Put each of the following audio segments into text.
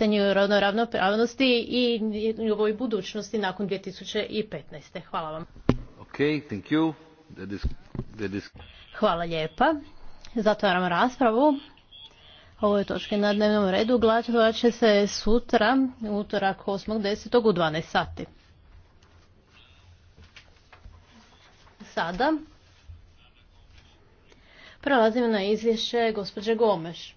pitanju ravnopravnosti i njegovoj budućnosti nakon 2015. Hvala vam. Hvala lijepa. Zatvaram raspravu. Ovo je točke na dnevnom redu. Glasovat će se sutra, utorak 8.10. u 12 sati. Sada prelazimo na izvješće gospođe Gomeš.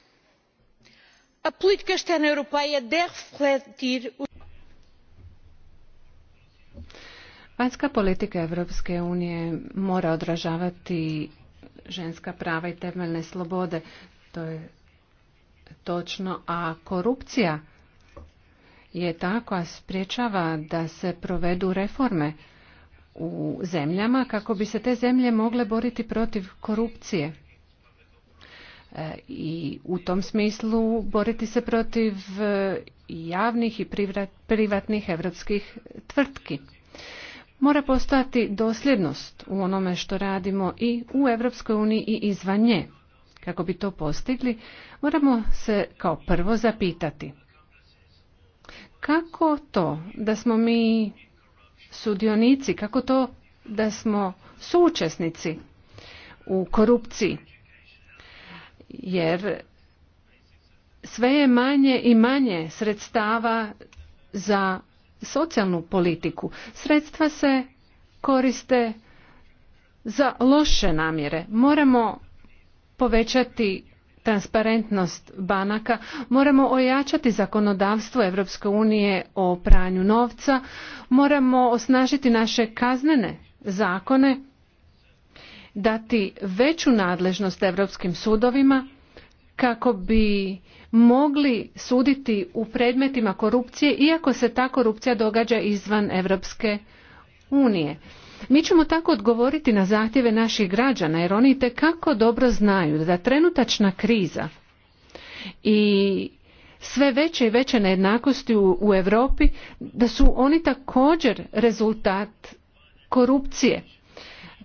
a externa deve Vanjska politika Europske unije mora odražavati ženska prava i temeljne slobode. To je točno. A korupcija je ta koja sprječava da se provedu reforme u zemljama kako bi se te zemlje mogle boriti protiv korupcije. E, i u tom smislu boriti se protiv e, javnih i privatnih evropskih tvrtki. Mora postati dosljednost u onome što radimo i u Europskoj uniji i izvan nje. Kako bi to postigli, moramo se kao prvo zapitati. Kako to da smo mi sudionici, kako to da smo suučesnici u korupciji, jer sve je manje i manje sredstava za socijalnu politiku. Sredstva se koriste za loše namjere. Moramo povećati transparentnost banaka, moramo ojačati zakonodavstvo Europske unije o pranju novca, moramo osnažiti naše kaznene zakone dati veću nadležnost europskim sudovima kako bi mogli suditi u predmetima korupcije iako se ta korupcija događa izvan Europske unije. Mi ćemo tako odgovoriti na zahtjeve naših građana jer oni kako dobro znaju da trenutačna kriza i sve veće i veće nejednakosti u Europi da su oni također rezultat korupcije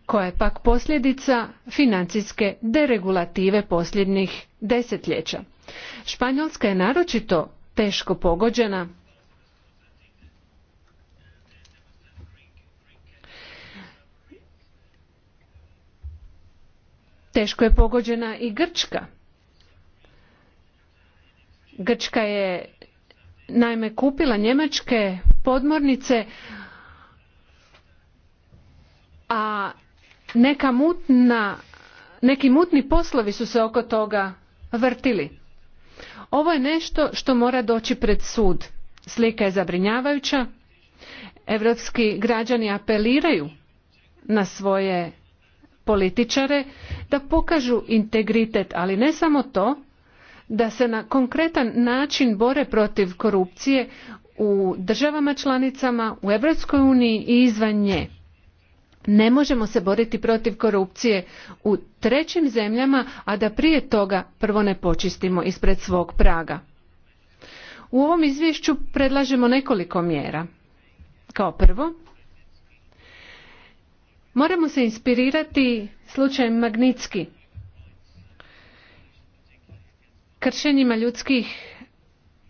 koja je pak posljedica financijske deregulative posljednjih desetljeća. Španjolska je naročito teško pogođena teško je pogođena i Grčka. Grčka je naime kupila njemačke podmornice, a neka mutna, neki mutni poslovi su se oko toga vrtili. Ovo je nešto što mora doći pred sud. Slika je zabrinjavajuća. Evropski građani apeliraju na svoje političare da pokažu integritet, ali ne samo to, da se na konkretan način bore protiv korupcije u državama članicama, u Europskoj uniji i izvan nje ne možemo se boriti protiv korupcije u trećim zemljama a da prije toga prvo ne počistimo ispred svog praga u ovom izvješću predlažemo nekoliko mjera kao prvo moramo se inspirirati slučajem magnitski kršenjima ljudskih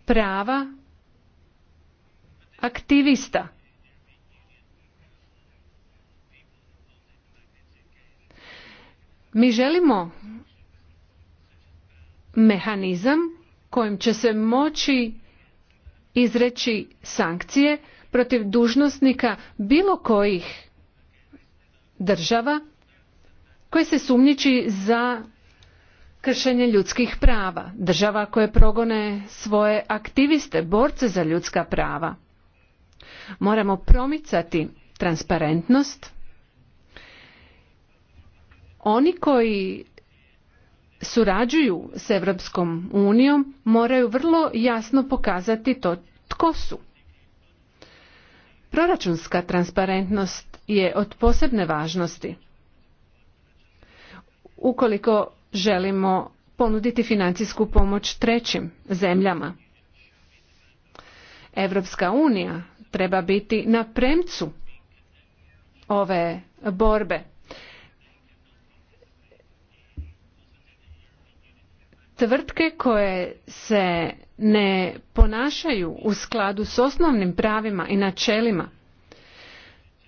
prava aktivista Mi želimo mehanizam kojim će se moći izreći sankcije protiv dužnosnika bilo kojih država koje se sumnjiči za kršenje ljudskih prava, država koje progone svoje aktiviste, borce za ljudska prava. Moramo promicati transparentnost oni koji surađuju s Europskom unijom moraju vrlo jasno pokazati to tko su. Proračunska transparentnost je od posebne važnosti. Ukoliko želimo ponuditi financijsku pomoć trećim zemljama. Evropska unija treba biti na premcu ove borbe. tvrtke koje se ne ponašaju u skladu s osnovnim pravima i načelima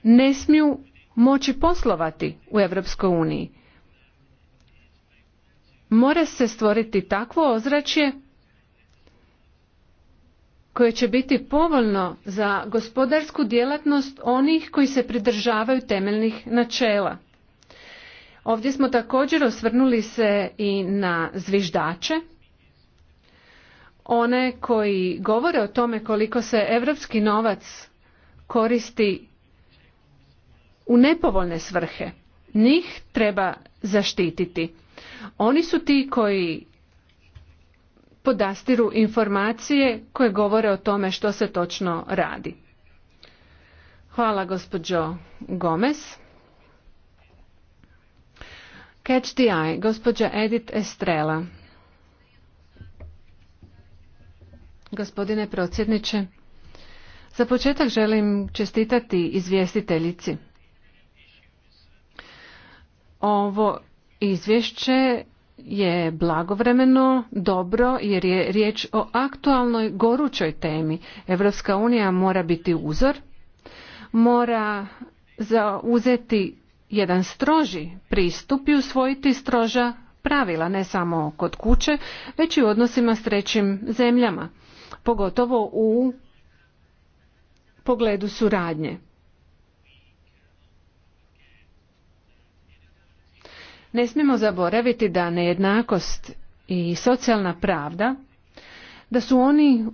ne smiju moći poslovati u Europskoj uniji. Mora se stvoriti takvo ozračje koje će biti povoljno za gospodarsku djelatnost onih koji se pridržavaju temeljnih načela. Ovdje smo također osvrnuli se i na zviždače, one koji govore o tome koliko se europski novac koristi u nepovoljne svrhe. Njih treba zaštititi. Oni su ti koji podastiru informacije koje govore o tome što se točno radi. Hvala gospođo Gomez. Catch gospođa Edith Estrela. Gospodine procjedniče, za početak želim čestitati izvjestiteljici. Ovo izvješće je blagovremeno dobro jer je riječ o aktualnoj gorućoj temi. Evropska unija mora biti uzor, mora zauzeti jedan stroži pristup i usvojiti stroža pravila ne samo kod kuće već i u odnosima s trećim zemljama pogotovo u pogledu suradnje ne smijemo zaboraviti da nejednakost i socijalna pravda da su oni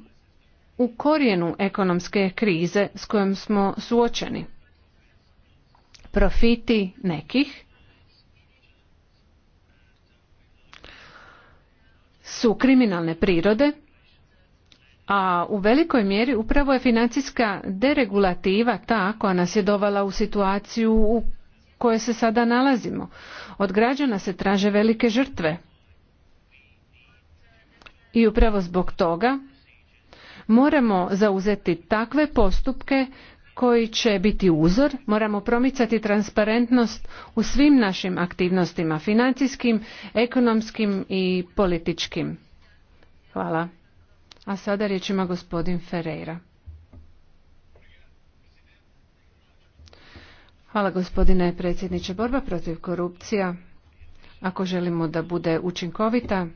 u korijenu ekonomske krize s kojom smo suočeni profiti nekih su kriminalne prirode a u velikoj mjeri upravo je financijska deregulativa ta koja nas je dovala u situaciju u kojoj se sada nalazimo od građana se traže velike žrtve i upravo zbog toga moramo zauzeti takve postupke koji će biti uzor. Moramo promicati transparentnost u svim našim aktivnostima, financijskim, ekonomskim i političkim. Hvala. A sada riječ ima gospodin Ferreira. Hvala gospodine predsjedniče. Borba protiv korupcija, ako želimo da bude učinkovita,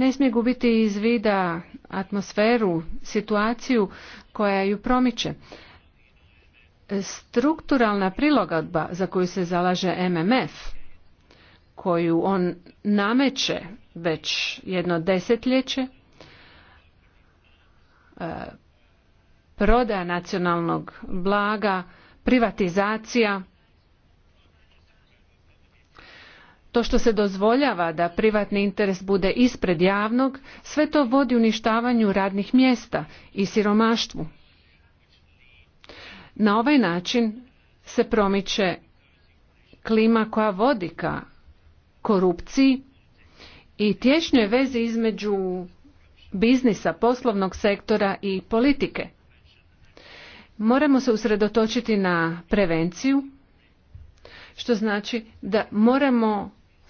ne smije gubiti iz vida atmosferu, situaciju koja ju promiče. Strukturalna prilagodba za koju se zalaže MMF, koju on nameće već jedno desetljeće, e, prodaja nacionalnog blaga, privatizacija, to što se dozvoljava da privatni interes bude ispred javnog, sve to vodi uništavanju radnih mjesta i siromaštvu. Na ovaj način se promiče klima koja vodi ka korupciji i tješnjoj vezi između biznisa, poslovnog sektora i politike. Moramo se usredotočiti na prevenciju, što znači da moramo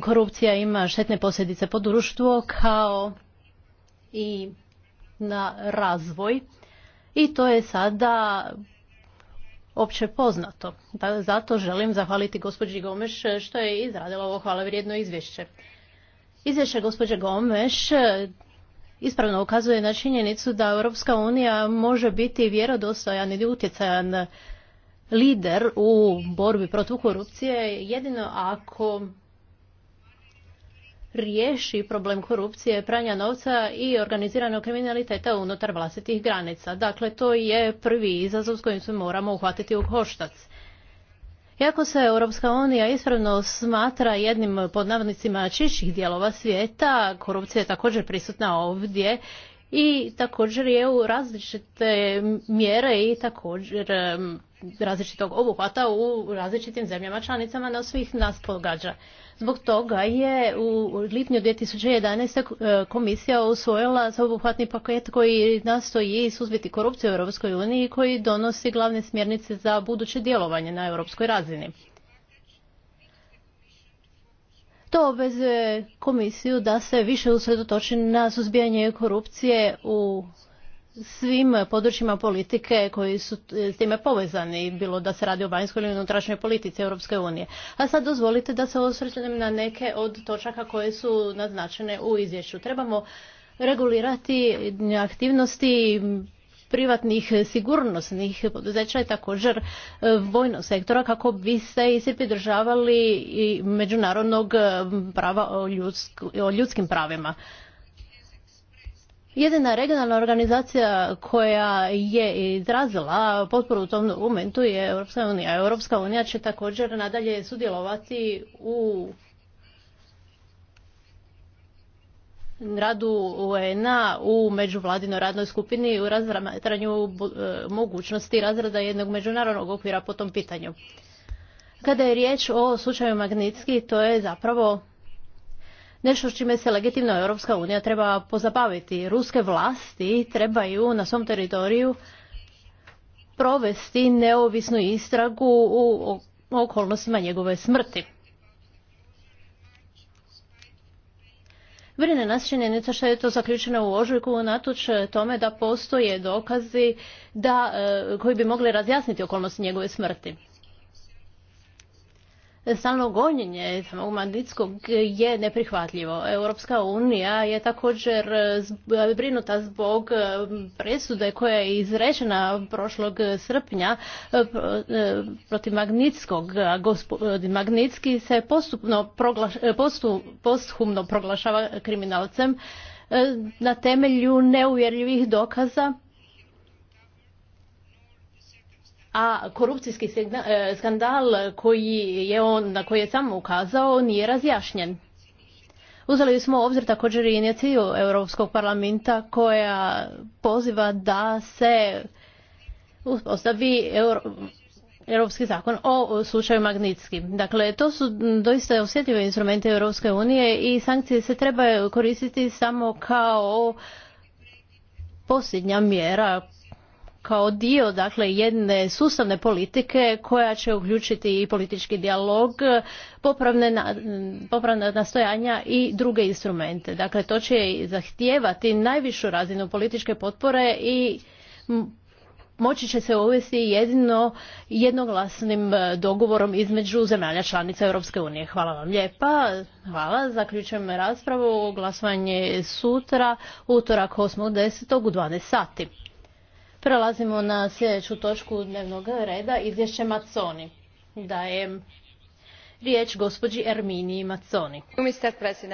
korupcija ima štetne posljedice po društvo kao i na razvoj i to je sada opće poznato. Pa zato želim zahvaliti gospođi Gomeš što je izradila ovo hvala vrijedno izvješće. Izvješće gospođe Gomeš ispravno ukazuje na činjenicu da Europska unija može biti vjerodostojan ili utjecajan lider u borbi protiv korupcije jedino ako riješi problem korupcije, pranja novca i organiziranog kriminaliteta unutar vlastitih granica. Dakle, to je prvi izazov s kojim se moramo uhvatiti u koštac. Iako se Europska unija ispravno smatra jednim podnavnicima čišćih dijelova svijeta, korupcija je također prisutna ovdje i također je u različite mjere i također različitog obuhvata u različitim zemljama članicama na svih nas pogađa. Zbog toga je u lipnju 2011. Eh, komisija usvojila sveobuhvatni paket koji nastoji suzbiti korupciju u Europskoj uniji koji donosi glavne smjernice za buduće djelovanje na europskoj razini. To obvezuje komisiju da se više usredotoči na suzbijanje korupcije u svim područjima politike koji su s time povezani, bilo da se radi o vanjskoj ili unutrašnjoj politici Europske unije. A sad dozvolite da se osvrćem na neke od točaka koje su naznačene u izvješću. Trebamo regulirati aktivnosti privatnih sigurnosnih poduzeća i također e, vojnog sektora kako bi se i se pridržavali i međunarodnog prava o ljudskim pravima. Jedina regionalna organizacija koja je izrazila potporu u tom dokumentu je Europska unija. Europska unija će također nadalje sudjelovati u radu UN-a u međuvladinoj radnoj skupini u razmatranju e, mogućnosti razrada jednog međunarodnog okvira po tom pitanju. Kada je riječ o slučaju Magnitski, to je zapravo nešto čime se legitimno Europska unija treba pozabaviti. Ruske vlasti trebaju na svom teritoriju provesti neovisnu istragu u okolnostima njegove smrti. Brine nas činjenica što je to zaključeno u ožujku unatoč tome da postoje dokazi e, koji bi mogli razjasniti okolnosti njegove smrti stalno gonjenje samog Magnitskog je neprihvatljivo. Europska unija je također brinuta zbog e, presude koja je izrečena prošlog srpnja e, e, protiv Magnitskog. Gospodin Magnitski se postupno posthumno proglašava kriminalcem na temelju neuvjerljivih dokaza a korupcijski e, skandal koji je on, na koji je samo ukazao nije razjašnjen. Uzeli smo u obzir također i inicijativu Europskog parlamenta koja poziva da se uspostavi Europski zakon o slučaju Magnitski. Dakle, to su doista osjetljive instrumente Europske unije i sankcije se trebaju koristiti samo kao posljednja mjera kao dio dakle jedne sustavne politike koja će uključiti i politički dijalog, popravne, nastojanja i druge instrumente. Dakle, to će zahtijevati najvišu razinu političke potpore i moći će se uvesti jedino jednoglasnim dogovorom između zemalja članica Europske unije. Hvala vam lijepa. Hvala. Zaključujem raspravu. Glasovanje sutra, utorak 8.10. u 12 sati. Prelazimo na sljedeću točku dnevnog reda, izvješće Maconi. Dajem riječ gospođi Erminiji Maconi.